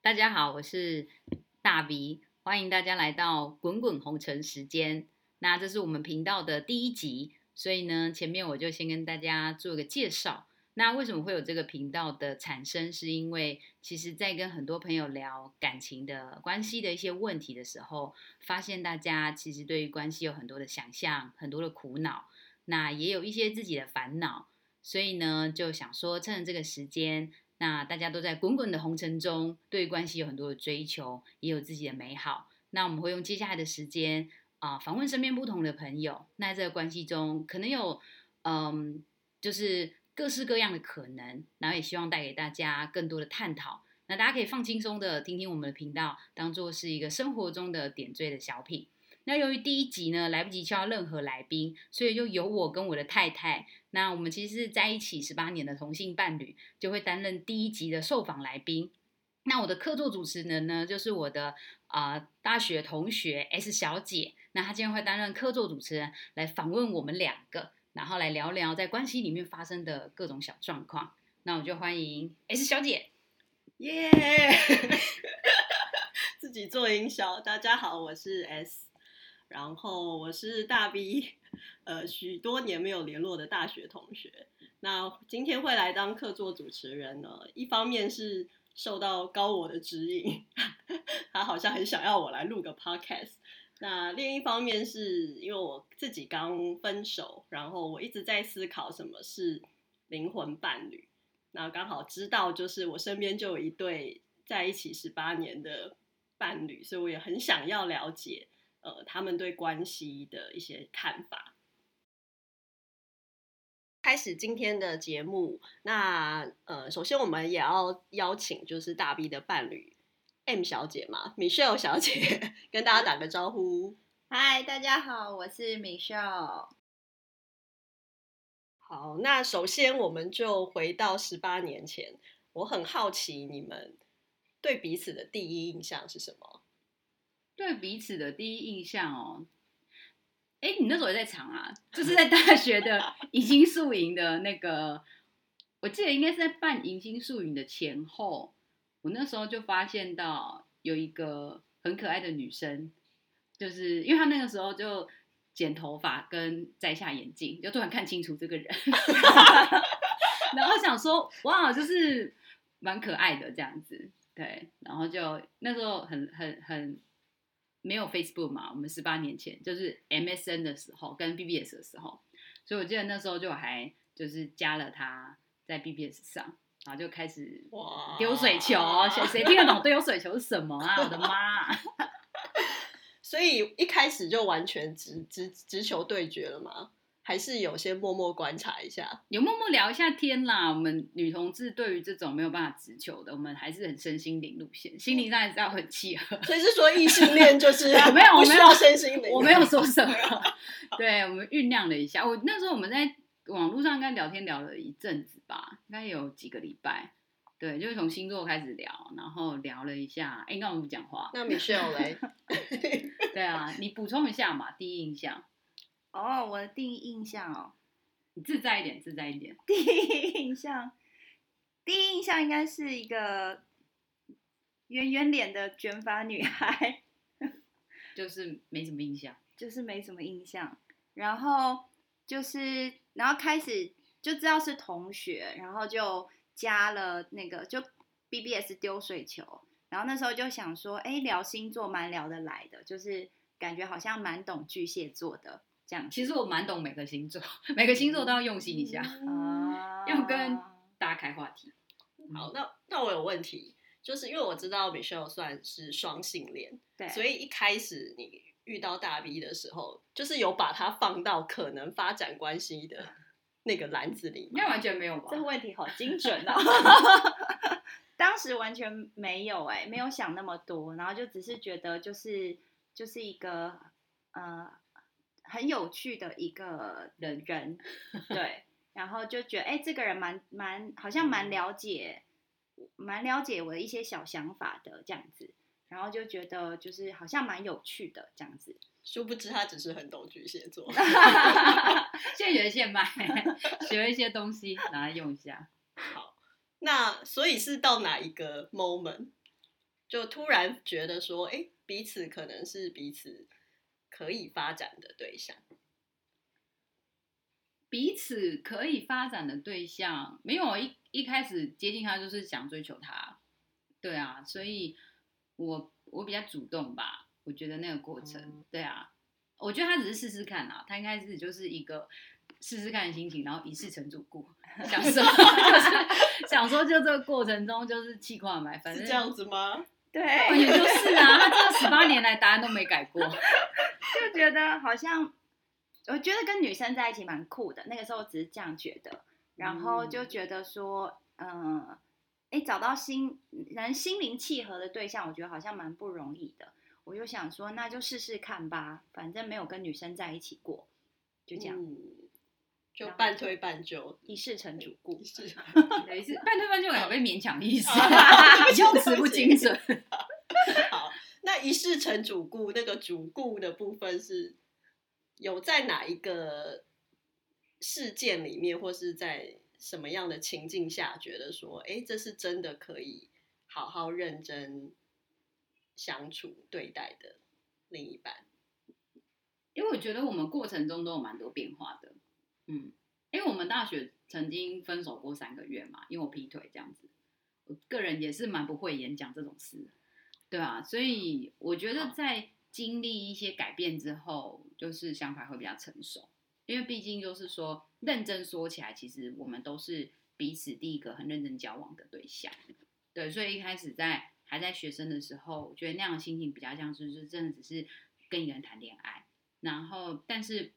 大家好，我是大 V，歡迎大家來到《滾滾紅塵》時間。那這是我們頻道的第一集，所以呢，前面我就先跟大家做個介紹。那為什麼會有這個頻道的產生？是因為其實，在跟很多朋友聊感情的關係的一些問題的時候，發現大家其實對於關係有很多的想象，很多的苦惱，那也有一些自己的煩惱，所以呢，就想說趁着這個時間。那大家都在滾滾的紅塵中，對關係有很多的追求，也有自己的美好。那我們會用接下來的時間啊，訪問身邊不同的朋友。那在這個關係中，可能有嗯、呃，就是各式各樣的可能，然後也希望帶給大家更多的探討。那大家可以放輕鬆的聽聽我們的頻道，當做是一個生活中的點綴的小品。那由於第一集呢，來不及叫任何來賓，所以就由我跟我的太太，那我們其實是在一起十八年的同性伴侶，就會擔任第一集的受訪來賓。那我的客座主持人呢，就是我的啊、呃、大學同學 S 小姐，那她今天會擔任客座主持人，來訪問我們兩個，然後來聊聊在關係裡面發生的各種小狀況。那我就歡迎 S 小姐，耶、yeah!， 自己做營銷。大家好，我是 S。然後我是大 V，呃，許多年沒有聯絡的大學同學，那今天會來當客座主持人呢，一方面是受到高我的指引，呵呵，他好像很想要我來錄個 podcast，那另一方面是因為我自己剛分手，然後我一直在思考什麼是靈魂伴侶，那剛好知道就是我身邊就有一對在一起十八年的伴侶，所以我也很想要了解。呃，他們對關係的一些看法。開始今天的節目，那呃，首先我們也要邀請就是大 V 的伴侶 M 小姐嘛，Michelle 小姐 跟大家打個招呼。嗨，大家好，我是 Michelle。好，那首先我們就回到十八年前，我很好奇你們對彼此的第一印象是什麼？對彼此的第一印象哦，哎，你那時候也在場啊，就是在大學的迎新宿營的那個，我記得應該是在辦迎新宿營的前後，我那時候就發現到有一個很可愛的女生，就是因為她那個時候就剪頭髮跟摘下眼鏡，就突然看清楚這個人， 然後想說哇，就是蠻可愛的這樣子，對，然後就那時候很很很。很沒有 Facebook 嘛？我們十八年前就是 MSN 的時候，跟 BBS 的時候，所以我記得那時候就還就是加了他在 BBS 上，然後就開始丟水球，誰哇誰聽得懂？丟水球是什麼啊？ 我的媽！所以一開始就完全直直直球對決了嗎？還是有些默默觀察一下，有默默聊一下天啦。我們女同志對於這種沒有辦法直球的，我們還是很身心靈路線，哦、心理上還是要很契合。所以是說，異性戀就是沒有，不需要身心靈 我沒有，我沒有。我沒有說什麼， 對我們醞釀了一下。我那時候我們在網絡上跟聊天聊了一陣子吧，應該有幾個禮拜。對，就從星座開始聊，然後聊了一下。應該我們不講話，那 Michelle， 對啊，你補充一下嘛，第一印象。哦，oh, 我的第一印象哦，你自在一點，自在一點。第一印象，第一印象應該是一個圓圓臉的捲髮女孩，就是沒什麼印象，就是沒什麼印象。然後就是，然後開始就知道是同學，然後就加了那個就 BBS 丟水球，然後那時候就想說，哎、欸，聊星座蠻聊得來的，就是感覺好像蠻懂巨蟹座的。這樣，其實我蠻懂每個星座，每個星座都要用心一下，嗯、要跟大家、啊、開話題。好，那那我有問題，就是因為我知道 Michelle 算是雙性戀，對，所以一開始你遇到大 B 的時候，就是有把它放到可能發展關係的那個籃子裡面，應該完全沒有吧？這個問題好精準啊！ 當時完全沒有哎、欸，沒有想那麼多，然後就只是覺得就是就是一個呃。很有趣的一個人，人，對，然後就覺得哎、欸，這個人蠻蠻，好像蠻了解，嗯、蠻了解我的一些小想法的這樣子，然後就覺得就是好像蠻有趣的這樣子。殊不知他只是很懂巨蟹座，現學現賣，學一些東西拿來用一下。好，那所以是到哪一個 moment，就突然覺得說，哎，彼此可能是彼此。可以發展的對象，彼此可以發展的對象，沒有一一開始接近他就是想追求他，對啊，所以我我比較主動吧，我覺得那個過程，嗯、對啊，我覺得他只是試試看啊，他應該是就是一個試試看的心情，然後一試成主顧， 想說、就是、 想說就這個過程中就是氣掛麥，反正是這樣子嗎？對，哦、也就是啊， 他這十八年來答案都沒改過， 就覺得好像，我覺得跟女生在一起蠻酷的。那個時候只是這樣覺得，然後就覺得說，嗯、呃，哎，找到心能心靈契合的對象，我覺得好像蠻不容易的。我就想說，那就試試看吧，反正沒有跟女生在一起過，就這樣。嗯就半推半就，一試成主顧，沒事對。半推半就感覺有點被勉強的意思，用詞 不精準。 好，那一試成主顧，那個主顧的部分是有在哪一個事件裡面，或是在什麼樣的情境下，覺得說，哎，這是真的可以好好認真相處對待的另一半？因為我覺得我們過程中都有蠻多變化的。嗯，因為我們大學曾經分手過三個月嘛，因為我劈腿這樣子，我個人也是蠻不會演講這種事，對啊。所以我覺得在經歷一些改變之後，就是想法會比較成熟，因為畢竟就是說，認真說起來，其實我們都是彼此第一個很認真交往的對象，對，所以一開始在還在學生的時候，我覺得那樣的心情比較像是，就真的只是跟一個人談戀愛，然後但是。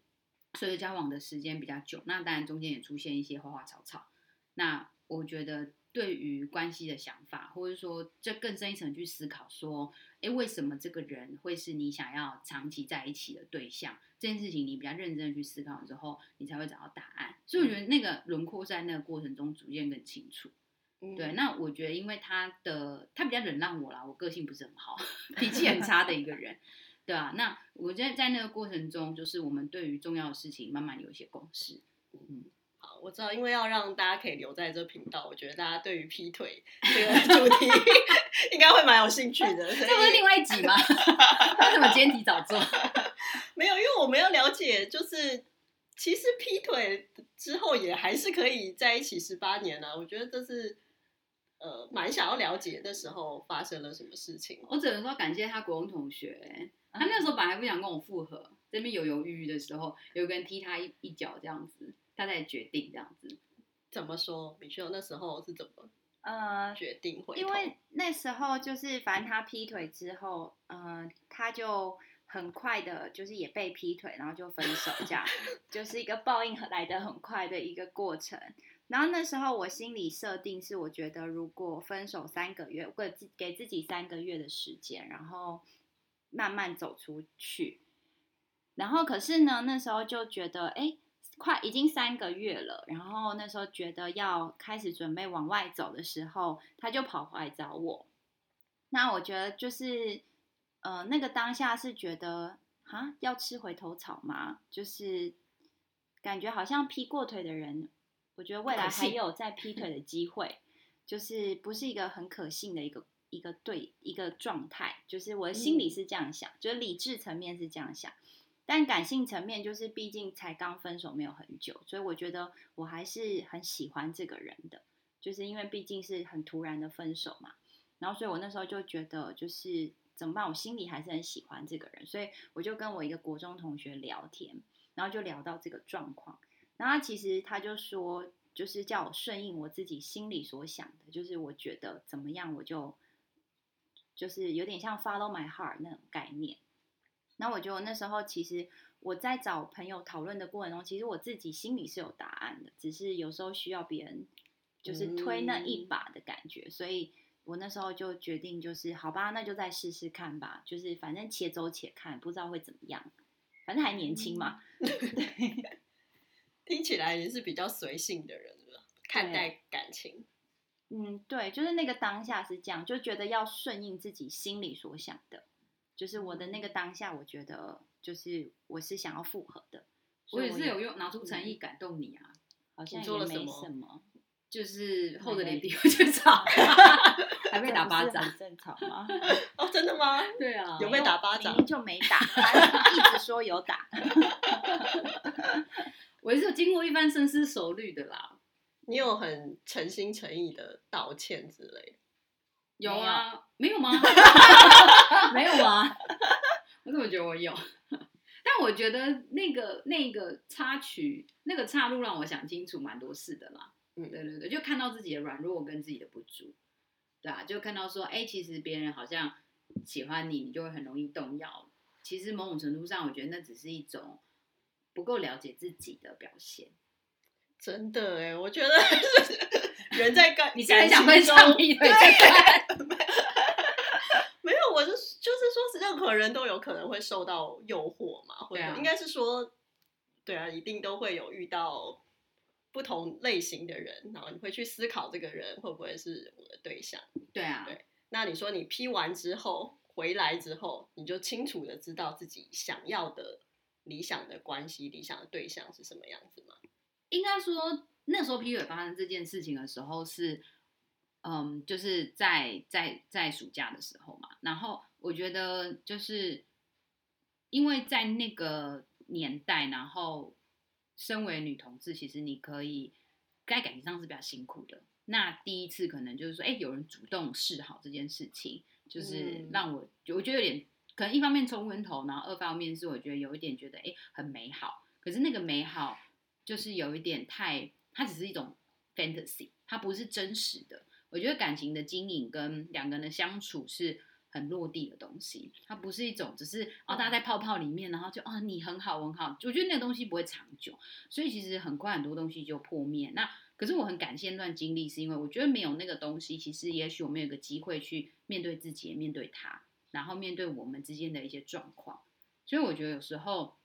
所以交往的時間比較久，那當然中間也出現一些花花草草。那我覺得對於關係的想法，或者說這更深一層去思考，說，誒、欸，為什麼這個人會是你想要長期在一起的對象？這件事情你比較認真去思考之後，你才會找到答案。所以我覺得那個輪廓在那個過程中逐漸更清楚。嗯、對，那我覺得因為他的他比較忍讓我啦，我個性不是很好，脾氣很差的一個人。 對啊，那我覺得在那個過程中，就是我們對於重要的事情慢慢有一些共識。嗯，好，我知道，因為要讓大家可以留在這頻道，我覺得大家對於劈腿這個主題應該會蠻有興趣的。 以這不是另外一集嗎？為什 麼今天提早做？ 沒有，因為我們要了解，就是其實劈腿之後也還是可以在一起十八年呢、啊。我覺得這是。呃，蠻想要了解那時候發生了什麼事情。我只能說感謝他國中同學，他那時候本來不想跟我復合，這邊猶猶豫豫的時候，有個人踢他一一腳這樣子，他才決定這樣子。怎麼說？Michelle 那時候是怎麼呃決定呃？因為那時候就是反正他劈腿之後，嗯、呃，他就很快的，就是也被劈腿，然後就分手，這樣 就是一個報應來得很快的一個過程。然後那時候我心裡設定是，我覺得如果分手三個月，給自給自己三個月的時間，然後慢慢走出去。然後可是呢，那時候就覺得，哎，快已經三個月了。然後那時候覺得要開始準備往外走的時候，他就跑回來找我。那我覺得就是，呃，那個當下是覺得，哈，要吃回頭草嗎？就是感覺好像劈過腿的人。我覺得未來還有再劈腿的機會，可信。就是不是一個很可信的一個一個對一個狀態。就是我的心裡是這樣想，嗯、就是理智層面是這樣想，但感性層面就是畢竟才剛分手沒有很久，所以我覺得我還是很喜歡這個人的，就是因為畢竟是很突然的分手嘛。然後所以我那時候就覺得就是怎麼辦？我心裡還是很喜歡這個人，所以我就跟我一個國中同學聊天，然後就聊到這個狀況。那其實他就說，就是叫我順應我自己心裡所想的，就是我覺得怎麼樣，我就就是有點像 follow my heart 那種概念。那我覺得我那時候其實我在找朋友討論的過程中，其實我自己心裡是有答案的，只是有時候需要別人就是推那一把的感覺。嗯、所以我那時候就決定，就是好吧，那就再試試看吧，就是反正且走且看，不知道會怎麼樣，反正還年輕嘛。嗯對 聽起來也是比較隨性的人看待感情。嗯，對，就是那個當下是這樣，就覺得要順應自己心裡所想的。就是我的那個當下，我覺得就是我是想要復合的。我也是有用拿出誠意感動你啊，你做了什麼？就是厚着臉皮去找，還被打巴掌，正常嗎？哦，真的嗎？對啊，有被打巴掌？就沒打，反正一直說有打。我也是有經過一番深思熟慮的啦。你有很誠心誠意的道歉之類的？有啊，沒有，沒有嗎？ 沒有嗎？ 我怎麼覺得我有？ 但我覺得那個那個插曲，那個岔路，讓我想清楚蠻多事的啦。嗯，對對對，就看到自己的軟弱跟自己的不足，對啊，就看到說，哎，其實別人好像喜歡你，你就會很容易動搖。其實某種程度上，我覺得那只是一種。不夠了解自己的表現，真的哎、欸，我覺得人在干， 你想想分手耶？對， 沒有，我、就是就是說是任何人都有可能會受到誘惑嘛，啊、或者應該是說，對啊，一定都會有遇到不同類型的人，然後你會去思考這個人會不會是我的對象？對啊，對，對，那你說你批完之後回來之後，你就清楚的知道自己想要的。理想的關係，理想的對象是什麼樣子嗎？應該說，那時候譬如發生這件事情的時候是，嗯，就是在在在暑假的時候嘛。然後我覺得，就是因為在那個年代，然後身為女同志，其實你可以在感情上是比較辛苦的。那第一次可能就是說，哎、欸，有人主動示好這件事情，就是讓我、嗯、我覺得有點。可能一方面沖昏頭，然後二方面是我覺得有一點覺得誒很美好，可是那個美好就是有一點太，它只是一種 fantasy，它不是真實的。我覺得感情的經營跟兩個人的相處是很落地的東西，它不是一種只是啊、哦、大家在泡泡裡面，然後就啊、哦、你很好我很好，我覺得那個東西不會長久，所以其實很快很多東西就破滅。那可是我很感謝那段經歷，是因為我覺得沒有那個東西，其實也許我沒有一個機會去面對自己，面對他。然後面對我們之間的一些狀況，所以我覺得有時候，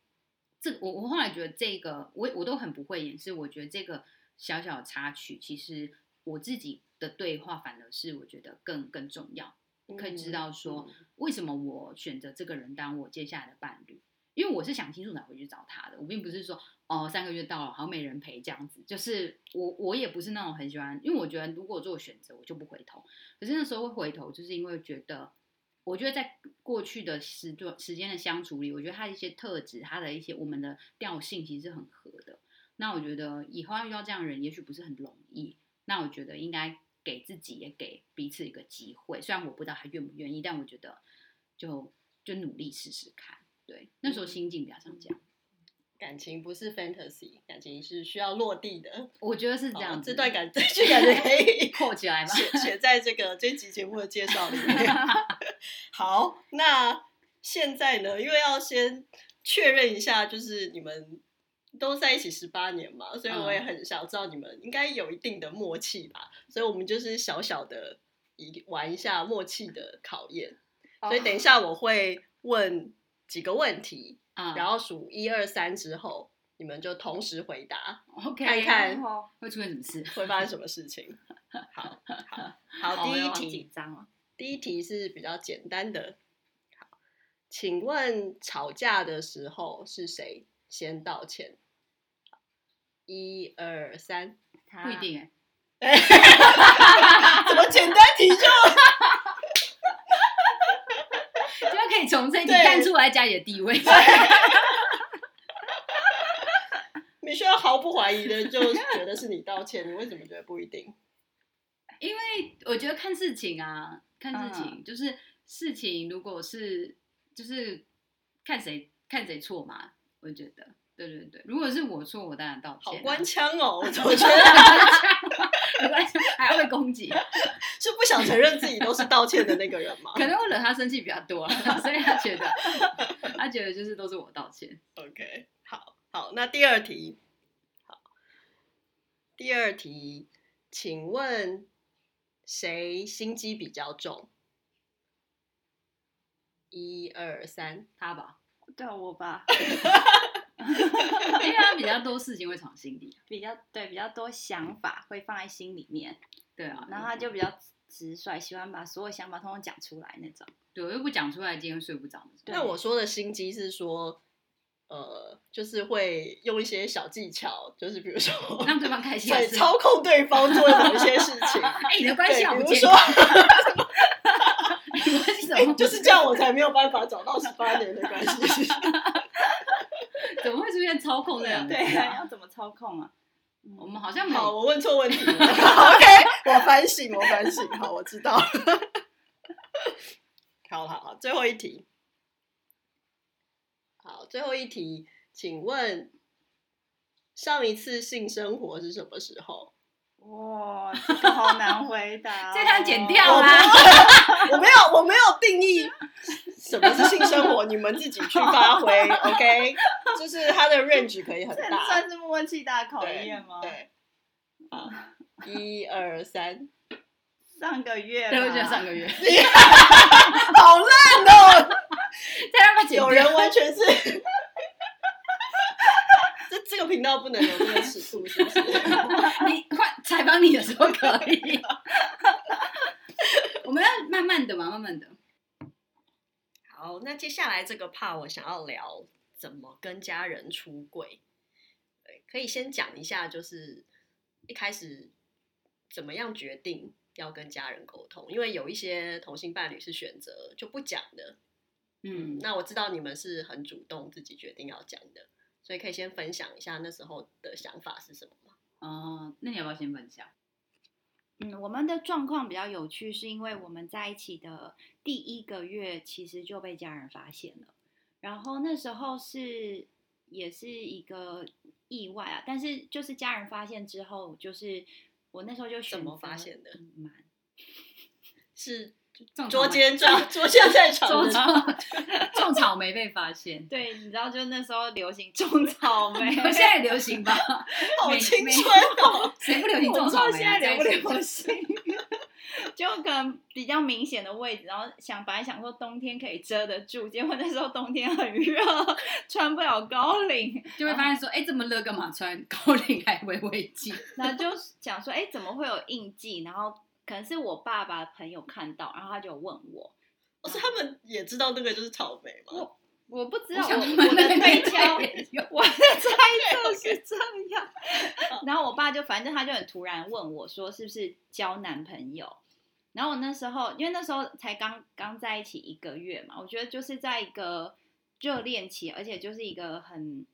這我我後來覺得這個我我都很不會演，是我覺得這個小小的插曲，其實我自己的對話反而是我覺得更更重要，可以知道說為什麼我選擇這個人當我接下來的伴侶，因為我是想清楚才回去找他的，我並不是說哦三個月到了好像沒人陪這樣子，就是我我也不是那種很喜歡，因為我覺得如果做選擇我就不回頭，可是那時候會回頭就是因為覺得。我覺得在過去的時段、時間的相處裡，我覺得他的一些特質，他的一些我們的調性其實是很合的。那我覺得以後要遇到這樣的人，也許不是很容易。那我覺得應該給自己也給彼此一個機會。雖然我不知道他願不願意，但我覺得就就努力試試看。對，那時候心境比較像這樣。感情不是 fantasy，感情是需要落地的。我覺得是這樣、哦，這段感情，這句感覺可以 扣起來，寫寫在這個這一集節目的介紹裡面。 好，那現在呢，因為要先確認一下，就是你們都在一起十八年嘛，所以我也很想知道你們應該有一定的默契吧，嗯、所以我們就是小小的一玩一下默契的考驗。哦、所以等一下我會問幾個問題。然後數一、uh, 二三之後，你們就同時回答，okay, 看看會出什麼事，會發生什麼事情。事 好，好，好好第一題緊張、啊、第一題是比較簡單的。好，請問吵架的時候是誰先道歉？一二三，不一定哎。誒 怎麼簡單題就？ 你以從這題看出我家裡的地位。你需要毫不懷疑的就覺得是你道歉， 你為什麼覺得不一定？因為我覺得看事情啊，看事情、啊、就是事情，如果是就是看誰看誰錯嘛。我覺得，對對對，對，如果是我錯，我當然道歉、啊。好官腔哦，我覺得。 還會攻擊， 是不想承認自己都是道歉的那個人嗎？ 可能會惹他生氣比較多，所以他覺得， 他覺得就是都是我道歉。OK，好，好，那第二題，好，第二題，請問誰心機比較重？ 一二三，他吧？對，我吧。 因為他比較多事情會藏心底，比較對，比較多想法會放在心裡面，對啊，然後他就比較直率，喜歡把所有想法通通講出來那種。對，我又不講出來，今天睡不着。那我說的心機是說，呃，就是會用一些小技巧，就是比如說讓對方開心，對，操控對方做某一些事情。哎、 欸，你的關係好，不見。你們就是這樣，我才沒有辦法找到十八年的關係。 怎麼會出現操控這樣的？對，對你要怎麼操控啊？嗯，我們好像沒，好，我問錯問題了 好。OK，我反省，我反省。好，我知道。 好好好，最後一題。好，最後一題，請問上一次性生活是什麼時候？哇，這個好難回答哦，這樣剪掉。我沒，我沒有，我沒有定義什麼是性生活，你們自己去發揮。 OK，就是他的 range 可以很大，這算是默契大考驗嗎？對，一二三，1, 2, 上個月吧，對，我覺得上個月， 好爛哦的！ 有人完全是。 頻道不能有這個尺度，是不是？你快採訪你的時候可以。我們要慢慢的嘛，慢慢的。好，那接下來這個 part 我想要聊怎麼跟家人出櫃。對，可以先講一下，就是一開始怎麼樣決定要跟家人溝通，因為有一些同性伴侶是選擇就不講的。嗯、嗯，那我知道你們是很主動自己決定要講的。所以可以先分享一下那時候的想法是什麼嗎？哦，那你要不要先分享？嗯，我們的狀況比較有趣，是因為我們在一起的第一個月其實就被家人發現了，然後那時候是也是一個意外啊。但是就是家人發現之後，就是我那時候就怎麼發現的？嗯、蠻 是。捉奸抓，捉奸在床， 種草莓被發現。對，你知道，就那時候流行種草莓，現在流行吧， 好青春哦。誰不流行種草莓？現在流不流行。 就可能比較明顯的位置，然後想本來想說冬天可以遮得住，結果那時候冬天很熱，穿不了高領，然後，就會發現說，哎、欸，這麼熱幹嘛穿高領還微微？還會不會緊，那就講說，哎、欸，怎麼會有印記？然後。可能是我爸爸的朋友看到，然後他就問我，哦嗯、他們也知道那個就是草莓嗎？我，我不知道，我我的推敲，我的猜測是這樣。然後我爸就反正他就很突然問我，說是不是交男朋友？然後我那時候因為那時候才剛剛在一起一個月嘛，我覺得就是在一個熱戀期，而且就是一個很。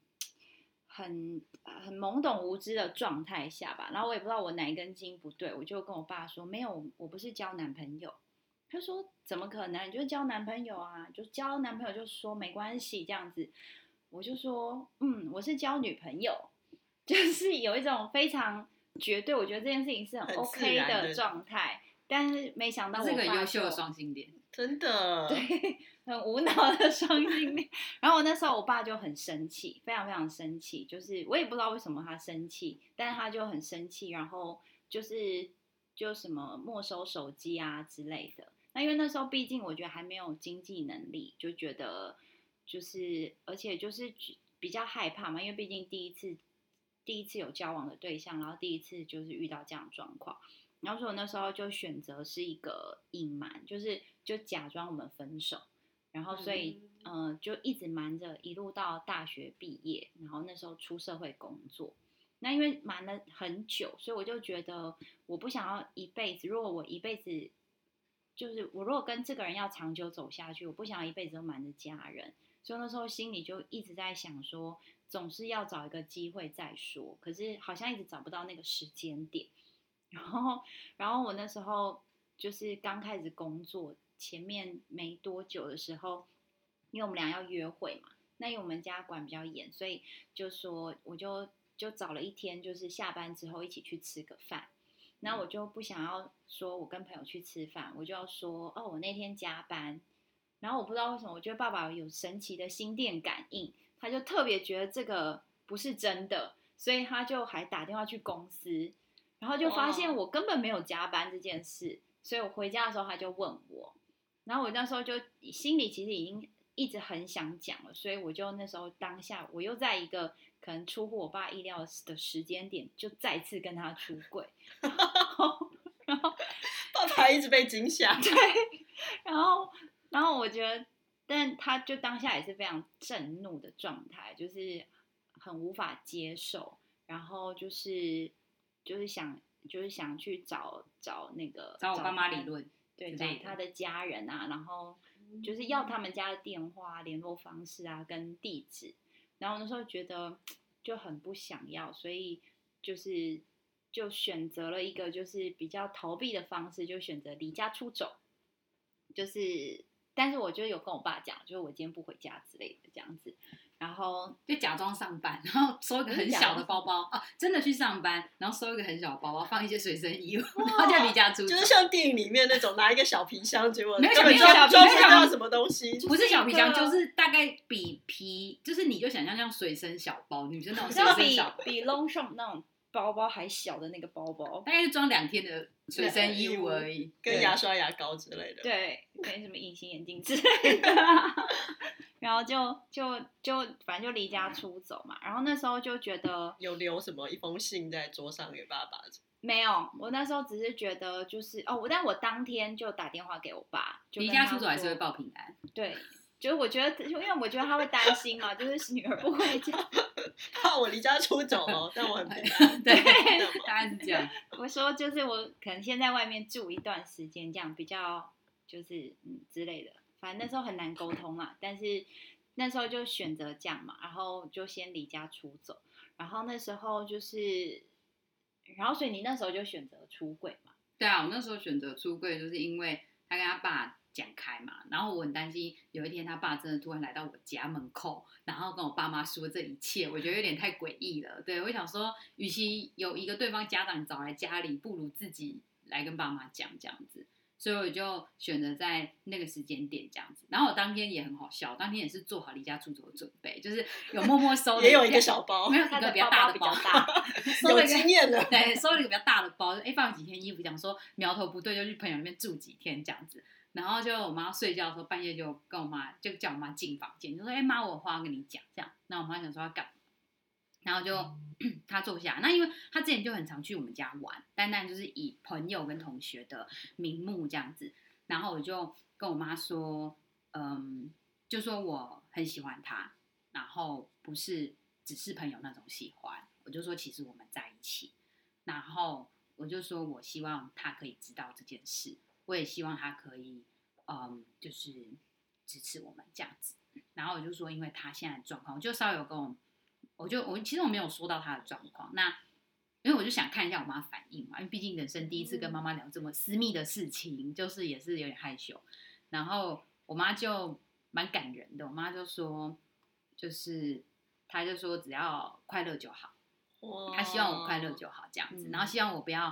很很懵懂無知的狀態下吧，然後我也不知道我哪一根筋不對，我就跟我爸說沒有，我不是交男朋友。他說怎麼可能？你就交男朋友啊？就交男朋友就說沒關係這樣子。我就說嗯，我是交女朋友，就是有一種非常絕對，我覺得這件事情是很 OK 的狀態。但是沒想到我這個優秀的雙性戀。真的，對，很無腦的雙性戀。 然後我那時候我爸就很生氣，非常非常生氣。就是我也不知道為什麼他生氣，但是他就很生氣，然後就是就什麼沒收手機啊之類的。那因為那時候畢竟我覺得還沒有經濟能力，就覺得就是而且就是比較害怕嘛，因為畢竟第一次第一次有交往的對象，然後第一次就是遇到這樣的狀況。然後，所以我那時候就選擇是一個隱瞞，就是就假裝我們分手，然後所以，嗯、呃，就一直瞞着，一路到大學畢業，然後那時候出社會工作。那因為瞞了很久，所以我就覺得我不想要一輩子。如果我一輩子就是我如果跟這個人要長久走下去，我不想要一輩子都瞞着家人，所以那時候心裡就一直在想說，總是要找一個機會再說，可是好像一直找不到那個時間點。然後，然後我那時候就是剛開始工作，前面沒多久的時候，因為我們倆要約會嘛，那因為我們家管比較嚴，所以就說我就就找了一天，就是下班之後一起去吃個飯。那我就不想要說我跟朋友去吃飯，我就要說哦，我那天加班。然後我不知道為什麼，我覺得爸爸有神奇的心電感應，他就特別覺得這個不是真的，所以他就還打電話去公司。然後就發現我根本沒有加班這件事，Wow. 所以我回家的時候他就問我，然後我那時候就心裡其實已經一直很想講了，所以我就那時候當下，我又在一個可能出乎我爸意料的時間點，就再次跟他出櫃， 然後，然後到他一直被驚嚇，對，然後，然後我覺得，但他就當下也是非常震怒的狀態，就是很無法接受，然後就是。就是想，就是想去找找那個，找我爸媽理論，對，找他的家人啊，然後就是要他們家的電話、聯絡方式啊，跟地址。然後那時候覺得就很不想要，所以就是就選擇了一個就是比較逃避的方式，就選擇離家出走。就是，但是我就有跟我爸講，就是我今天不回家之類的，這樣子。然後就假裝上班，然後收一個很小的包包啊，真的去上班，然後收一個很小包包，放一些隨身衣物，然後就離家出走，就是像電影裡面那種拿一個小皮箱，結果沒有沒有箱有裝不到什麼東西，不是小皮箱，就是大概比皮，就是你就想象像隨身小包，女生那種小包，比比 Longchamp 那種包包還小的那個包包，大概就裝兩天的隨身衣物而已，跟牙刷牙膏之類的，對，跟什麼隱形眼鏡之類的。然後就就就反正就離家出走嘛。嗯、然後那時候就覺得有留什麼一封信在桌上給爸爸？沒有，我那時候只是覺得就是哦，我但我當天就打電話給我爸。就離家出走還是會報平安？對，就是我覺得，因為我覺得他會擔心嘛， 就是女兒不會這樣。怕我離家出走哦，但我很平安， 對，這樣。 我說就是我可能先在外面住一段時間，這樣比較就是嗯之類的。反正那時候很難溝通嘛，但是那時候就選擇講嘛，然後就先離家出走，然後那時候就是，然後所以你那時候就選擇出櫃嘛？對啊，我那時候選擇出櫃，就是因為他跟他爸講開嘛，然後我很擔心有一天他爸真的突然來到我家門口，然後跟我爸媽說這一切，我覺得有點太詭異了。對，我想說，與其有一個對方家長找來家裡，不如自己來跟爸媽講這樣子。所以我就選擇在那個時間點這樣子，然後我當天也很好笑，當天也是做好離家出走的準備，就是有默默收了，了有一個小包，沒有一個包包比較大的包，有經驗了 一個，對，收了一個比較大的包，哎、欸，放幾天衣服，講說苗頭不對就去朋友那邊住幾天這樣子，然後就我媽睡覺的時候半夜就跟我媽就叫我媽進房間，就說哎媽、欸，我有話要跟你講，這樣，那我媽想說要幹嘛。然後就他坐下，那因為他之前就很常去我們家玩，單單就是以朋友跟同學的名目這樣子。然後我就跟我媽說，嗯，就說我很喜歡他，然後不是只是朋友那種喜歡。我就說其實我們在一起，然後我就說我希望他可以知道這件事，我也希望他可以，嗯，就是支持我們這樣子。然後我就說，因為他現在的狀況，就稍微有跟我。我就我其實我沒有說到他的狀況，那因為我就想看一下我媽反應嘛，因為畢竟人生第一次跟媽媽聊這麼私密的事情，嗯、就是也是有點害羞。然後我媽就蠻感人的，我媽就說，就是她就說只要快樂就好，哦、她希望我快樂就好這樣子，嗯、然後希望我不要，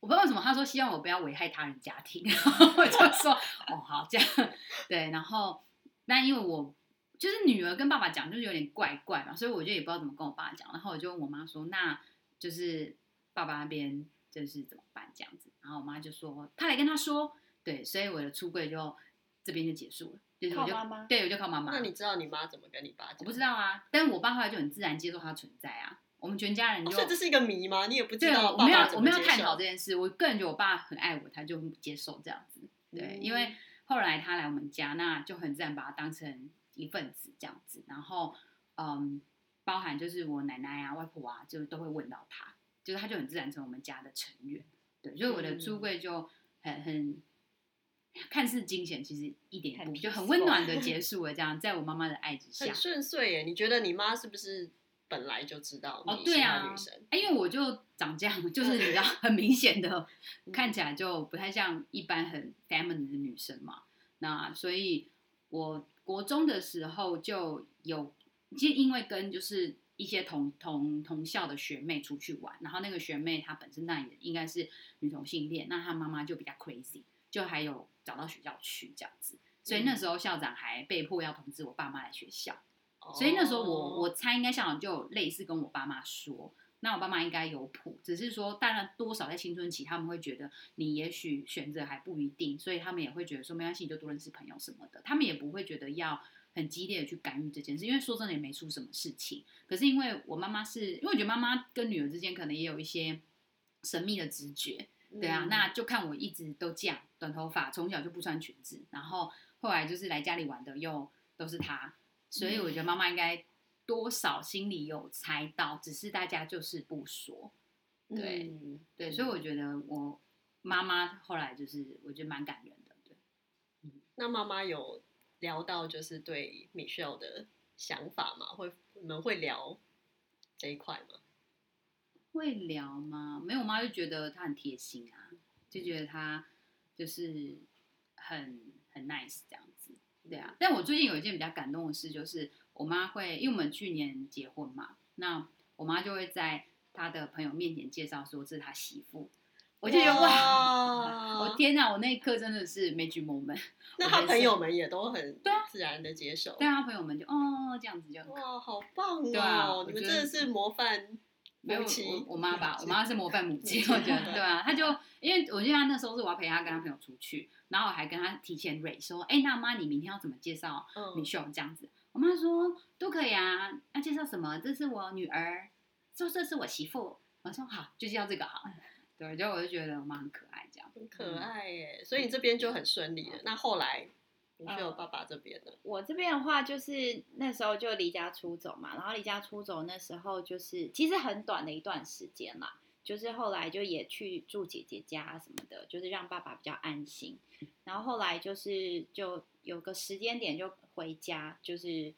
我不知道為什麼，她說希望我不要危害他人家庭，然後我就說 哦，好這樣對，然後但因為我。就是女兒跟爸爸講，就是有點怪怪嘛，所以我就也不知道怎麼跟我爸講。然後我就問我媽說：“那就是爸爸那邊就是怎麼辦？”這樣子，然後我媽就說：“她來跟他說。”對，所以我的出櫃就這邊就結束了。就是我就靠媽媽，對，我就靠媽媽。那你知道你媽怎麼跟你爸講？我不知道啊，但是我爸後來就很自然接受他存在啊。我們全家人就、哦、這是一個謎嗎？你也不知道爸爸？對，我沒有，我沒有要探討這件事。我個人覺得我爸很愛我，他就接受這樣子。對，嗯、因為後來他來我們家，那就很自然把他當成。一份子，這樣子，然後，嗯，包含就是我奶奶啊、外婆啊，就都會問到她，就是她就很自然成我們家的成員。對，所以我的出櫃就很很看似驚險，其實一點不就很溫暖的結束了。這樣，在我媽媽的愛之下，很順遂耶。你覺得你媽是不是本來就知道你是女生？哎、哦，對啊，因為我就長這樣，就是你知道，很明顯的 看起來就不太像一般很 feminine 的女生嘛。那所以我。國中的時候就有，其實因為跟就是一些同同同校的學妹出去玩，然後那個學妹她本身那也應該是女同性戀，那她媽媽就比較 crazy，就還有找到學校去這樣子，所以那時候校長還被迫要通知我爸媽來學校，所以那時候我我猜應該校長就類似跟我爸媽說。那我爸媽應該有譜，只是說，大概多少在青春期，他們會覺得你也許選擇還不一定，所以他們也會覺得說沒關係，你就多認識朋友什麼的，他們也不會覺得要很激烈的去干預這件事，因為說真的也沒出什麼事情。可是因為我媽媽是因為我覺得媽媽跟女兒之間可能也有一些神秘的直覺，對啊，嗯、那就看我一直都這樣，短頭髮，從小就不穿裙子，然後後來就是來家裡玩的又都是她，所以我覺得媽媽應該。多少心裡有猜到，只是大家就是不說，對、嗯、對，嗯、所以我覺得我媽媽後來就是我覺得蠻感人的，對。那媽媽有聊到就是對 Michelle 的想法嗎？會，你們會聊這一塊嗎？會聊嗎？沒有，我媽就覺得她很貼心啊，就覺得她就是很很 nice 這樣子。對啊，但我最近有一件比較感動的事，就是我媽會，因為我們去年結婚嘛，那我媽就會在她的朋友面前介紹說，這是她媳婦。我就覺得哇，我、oh. 天哪，我那一刻真的是 magic moment。那他朋友們也都很對自然的接受。對啊，他朋友們就哦這樣子，就很哇，好棒哦，對啊就是、你們真的是模範。沒有我，我，我媽吧，我媽是模範母親，親我覺得對啊，她就因為我覺得她那時候是我要陪她跟她朋友出去，然後我還跟她提前瑞說，哎，那媽你明天要怎麼介紹 Michelle 這樣子？嗯、我媽說都可以啊，她介紹什麼？這是我女兒，說這是我媳婦。我說好，就是要這個好，對，然後我就覺得我媽很可愛，這樣很可愛耶。所以這邊就很順利了。嗯、那後來。我是我爸爸這邊的，嗯、我這邊的話就是那時候就離家出走嘛，然後離家出走那時候就是其實很短的一段時間啦，就是後來就也去住姐姐家什麼的，就是讓爸爸比較安心，然後後來就是就有個時間點就回家，就是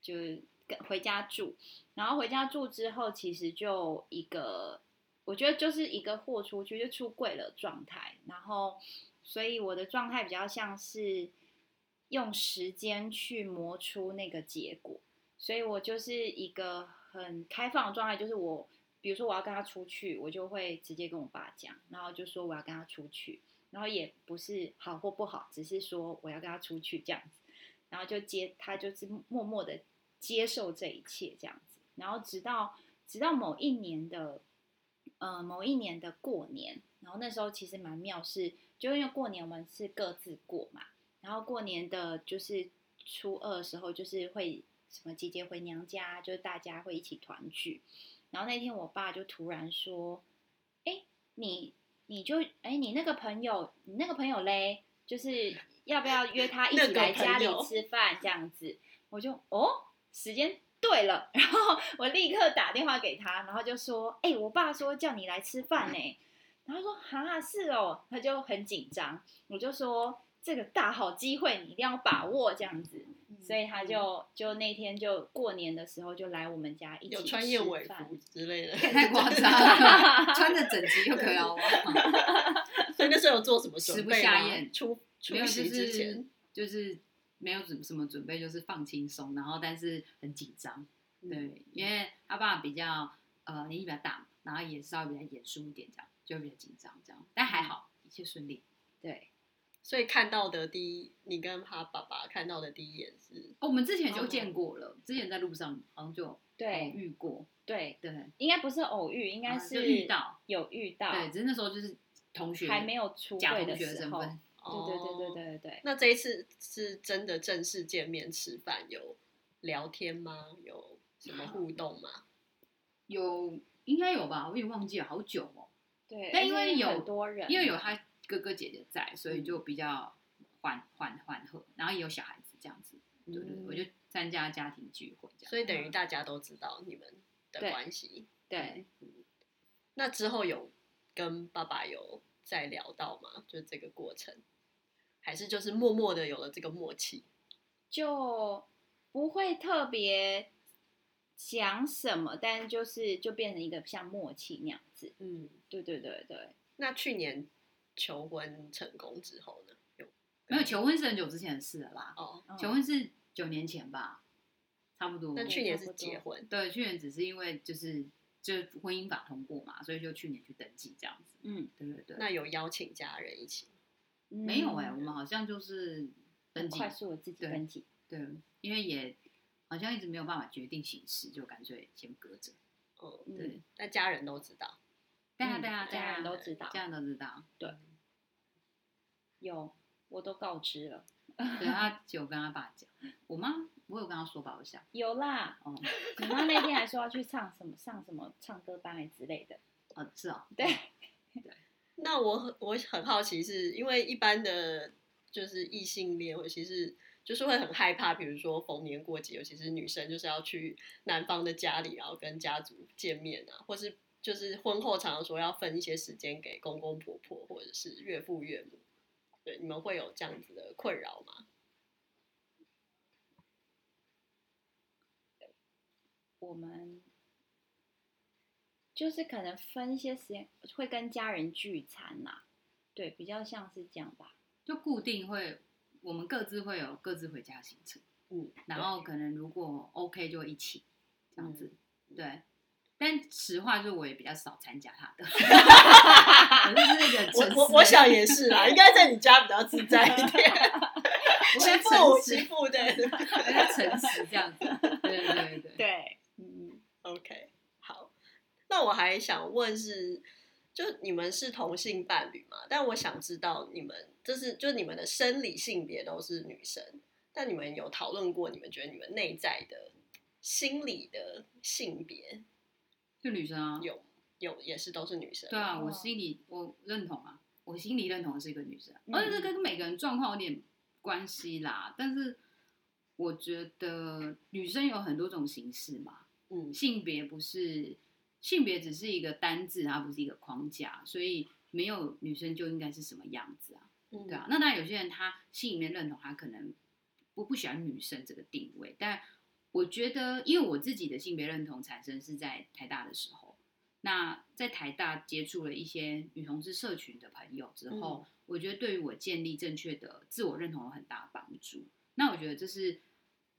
就是回家住，然後回家住之後其實就一個，我覺得就是一個豁出去就出櫃了狀態，然後所以我的狀態比較像是，用時間去磨出那個結果，所以我就是一個很開放的狀態。就是我，比如說我要跟他出去，我就會直接跟我爸講，然後就說我要跟他出去，然後也不是好或不好，只是說我要跟他出去這樣子，然後就接他就是默默地接受這一切這樣子。然後直到直到某一年的，呃，某一年的過年，然後那時候其實蠻妙是，是就因為過年我們是各自過嘛。然後過年的就是初二的時候，就是會什麼姐姐回娘家，就是大家會一起團聚。然後那天我爸就突然說：“哎，你你就哎，你那個朋友，你那個朋友嘞，就是要不要約他一起來家裡吃飯這樣子？”我就哦，時間對了，然後我立刻打電話給他，然後就說：“哎，我爸說叫你來吃飯欸。”然後說：“哈，是哦。”他就很緊張，我就說。這個大好機會，你一定要把握這樣子。嗯、所以他就就那天就過年的時候就來我們家一起吃飯，有穿燕尾服之類的，太誇張了， 穿着整齊又可以了、啊。 所以那時候有做什麼準備嗎？吃不下咽，出出席之前、就是、就是沒有準什麼準備，就是放輕鬆，然後但是很緊張。對，嗯、因為他爸比較呃年紀比較大，然後也稍微比較嚴肅一點，這樣就會比較緊張這樣，但還好、嗯、一切順利。對。所以看到的第一，你跟他爸爸看到的第一眼是，哦，我們之前就見過了，之前在路上好像就偶遇過，對對，應該不是偶遇，應該是有遇到，有遇到，對，只是那時候就是同學還沒有出櫃的時候，對對對對對對。那這一次是真的正式見面吃飯，有聊天嗎？有什麼互動嗎？有，應該有吧，我也忘記了好久哦。對，因為有，因為有他。哥哥姐姐在，所以就比較緩緩緩和，然後也有小孩子這樣子，嗯、對對對，我就參加家庭聚會，所以等於大家都知道你們的關係、嗯。對。對那之後有跟爸爸有再聊到嗎？就這個過程，還是就是默默的有了這個默契，就不會特別講什麼，但就是就變成一個像默契那樣子。嗯，對對對對。那去年。求婚成功之後呢？有沒有求婚是很久之前的事了啦。哦，求婚是九年前吧，差不多。那去年是結婚？對，去年只是因為就是就婚姻法通過嘛，所以就去年去登記這樣子。嗯，對對對。那有邀請家人一起？嗯、沒有哎、欸，我們好像就是登記，很快速的自己登記對。對，因為也好像一直沒有辦法決定形式，就乾脆先擱著。哦、嗯，對，那家人都知道。嗯、對啊對啊家、嗯，家人都知道，家人都知道，對。有，我都告知了。然後他就跟他爸講， 我媽我有跟他說吧，我想有啦。嗯，我媽 那天還說要去唱什麼上什麼、唱、什麼唱歌班誒之類的。哦、啊，是哦，對，對，對。那我我很好奇是，是因為一般的，就是異性戀，尤其是就是會很害怕，比如說逢年過節，尤其是女生，就是要去男方的家裡、啊，然後跟家族見面啊，或是就是婚後常常說要分一些時間給公公婆婆或者是岳父岳母。你們會有這樣子的困擾嗎？我們就是可能分一些時間，會跟家人聚餐啦，對，比較像是這樣吧。就固定會，我們各自會有各自回家的行程，嗯，然後可能如果 OK 就一起，這樣子，嗯、對。但實話就是，我也比較少參加他的。 我我我想也是啦， 應該在你家比較自在一點， 我會城池，不會對，不會城這樣子。對對對對，對嗯，OK，好。那我還想問是，就你們是同性伴侶嘛？但我想知道你們就是就你們的生理性別都是女生，但你們有討論過，你們覺得你們內在的心理的性別？是女生啊，有有也是都是女生。對啊，我心裡、oh. 我認同啊，我心裡認同的是一個女生。而且、oh, 這、嗯、跟每個人狀況有點關係啦。但是我覺得女生有很多種形式嘛，嗯，性別不是性別，只是一個單字，而不是一個框架，所以沒有女生就應該是什麼樣子啊？嗯、對啊。那當然，有些人他心裡面認同他可能不不喜歡女生這個定位，但。我覺得，因為我自己的性別認同產生是在台大的時候，那在台大接觸了一些女同志社群的朋友之後，嗯、我覺得對於我建立正確的自我認同有很大的幫助。那我覺得這是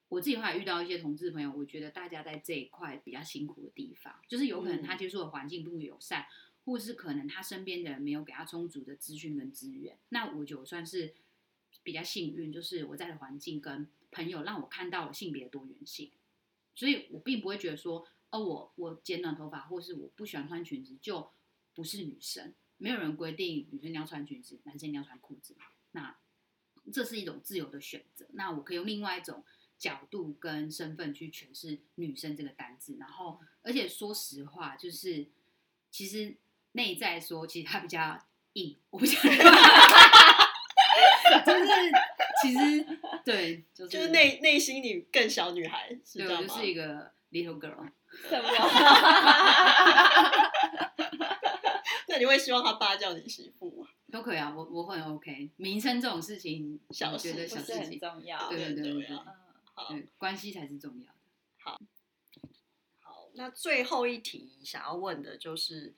我自己後來遇到一些同志朋友，我覺得大家在這一塊比較辛苦的地方，就是有可能他接觸的環境不友善，嗯、或是可能他身邊的人沒有給他充足的資訊跟資源。那我就算是比較幸運，就是我在的環境跟。朋友讓我看到了性別的多元性，所以我並不會覺得說，哦，我我剪短頭髮，或是我不喜歡穿裙子，就不是女生。沒有人規定女生你要穿裙子，男生你要穿褲子。那這是一種自由的選擇。那我可以用另外一種角度跟身份去詮釋“女生”這個單字。然後，而且說實話，就是其實內在說，其實他比較硬。我不想說真是。其實，對，就是內內心你更小女孩，知道嗎？我就是一個 little girl。那你會希望她爸叫你媳婦嗎？都可以啊，我我很 OK。名聲這種事情，小事，覺得小事情，小事情重要，對對對。對啊、對好，對關係才是重要的。好，好，那最後一題想要問的就是。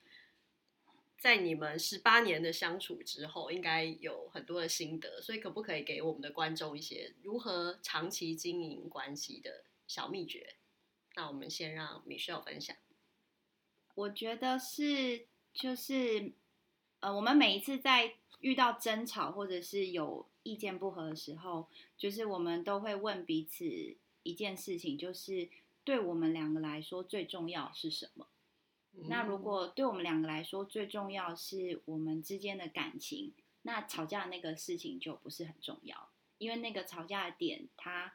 在你們十八年的相處之後，應該有很多的心得，所以可不可以給我們的觀眾一些如何長期經營關係的小秘訣？那我們先讓 Michelle 分享。我覺得是，就是，呃，我們每一次在遇到爭吵或者是有意見不合的時候，就是我們都會問彼此一件事情，就是對我們兩個來說最重要是什麼？那如果對我們兩個來說最重要是我們之間的感情，那吵架的那個事情就不是很重要，因為那個吵架的點，它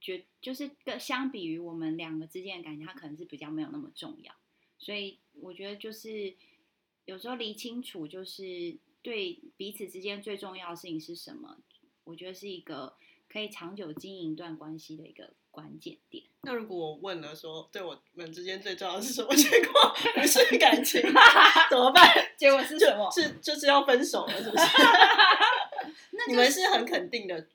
覺就是跟相比於我們兩個之間的感情，它可能是比較沒有那麼重要。所以我覺得就是有時候理清楚，就是對彼此之間最重要的事情是什麼，我覺得是一個可以長久經營一段關係的一個。關鍵點。那如果我問了說，對我們之間最重要的是什麼結果？不 是感情，怎麼辦？ 結果是什麼？是就是要分手了，是不是？ 那就你們是很肯定的，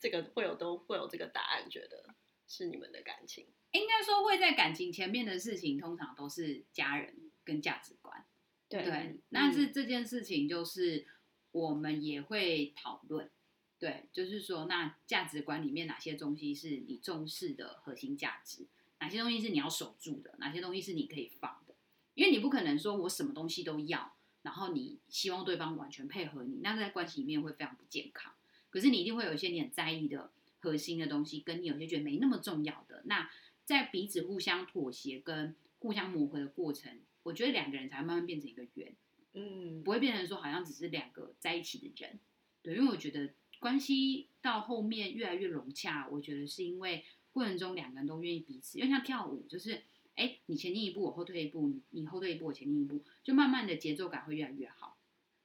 這個會有都會有這個答案，覺得是你們的感情。應該說，會在感情前面的事情，通常都是家人跟價值觀。對對，對嗯、但是這件事情就是我們也會討論。對，就是說，那價值觀裡面哪些東西是你重視的核心價值？哪些東西是你要守住的？哪些東西是你可以放的？因為你不可能說我什麼東西都要，然後你希望對方完全配合你，那在關係裡面會非常不健康。可是你一定會有一些你很在意的核心的東西，跟你有些覺得沒那麼重要的。那在彼此互相妥協跟互相磨合的過程，我覺得兩個人才會慢慢變成一個圓，嗯，嗯，不會變成說好像只是兩個在一起的人。對，因為我覺得。關係到後面越來越融洽，我覺得是因為過程中兩個人都願意彼此，因為像跳舞，就是，哎、欸，你前進一步，我後退一步，你，你後退一步，我前進一步，就慢慢的節奏感會越來越好。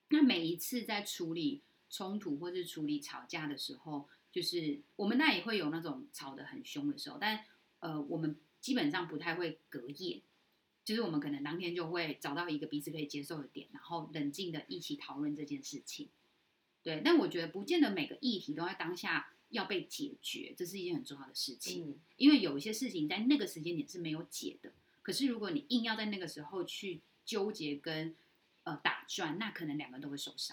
那每一次在處理衝突或是處理吵架的時候，就是我們那也會有那種吵得很凶的時候，但呃，我們基本上不太會隔夜，就是我們可能當天就會找到一個彼此可以接受的點，然後冷靜的一起討論這件事情。對，但我覺得不見得每個議題都在當下要被解決，這是一件很重要的事情。嗯，因為有一些事情在那個時間點是沒有解的，可是如果你硬要在那個時候去糾結跟呃打轉，那可能兩個都會受傷。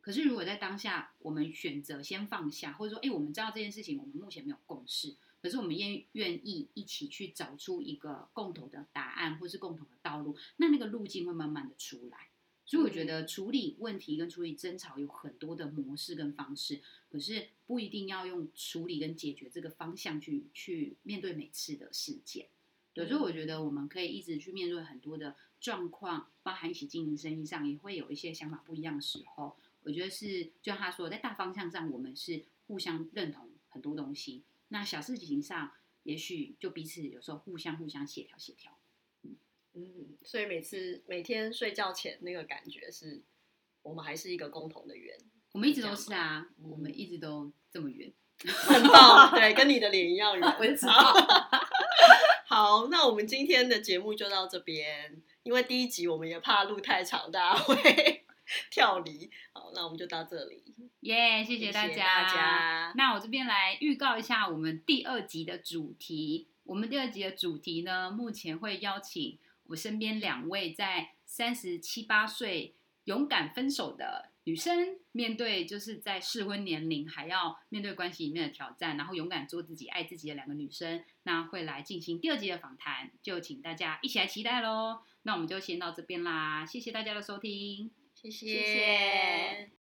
可是如果在當下，我們選擇先放下，或者說，誒，我們知道這件事情我們目前沒有共識，可是我們願願意一起去找出一個共同的答案或是共同的道路，那那個路徑會慢慢的出來。所以我覺得處理問題跟處理爭吵有很多的模式跟方式，可是不一定要用處理跟解決這個方向去去面對每次的事件。對，所以我覺得我們可以一直去面對很多的狀況，包含一起經營生意上也會有一些想法不一樣的時候。我覺得是，就像他說，在大方向上，我們是互相認同很多東西；那小事情上，也許就彼此有時候互相互相協調協調。嗯，所以每次每天睡覺前那個感覺是我們還是一個共同的圓，我們一直都是啊，嗯、我們一直都這麼圓，很棒。對，跟你的臉一樣圓， 我知道好。好，那我們今天的節目就到這邊，因為第一集我們也怕路太長，大家會跳離。好，那我們就到這裡。耶，yeah, 謝謝大家。謝謝大家，那我這邊來預告一下我們第二集的主題。我們第二集的主題呢，目前會邀請。我身邊兩位在三十七八歲勇敢分手的女生，面對就是在適婚年齡還要面對關係裡面的挑戰，然後勇敢做自己、愛自己的兩個女生，那會來進行第二集的訪談，就請大家一起來期待嘍。那我們就先到這邊啦，謝謝大家的收聽，謝謝。謝謝。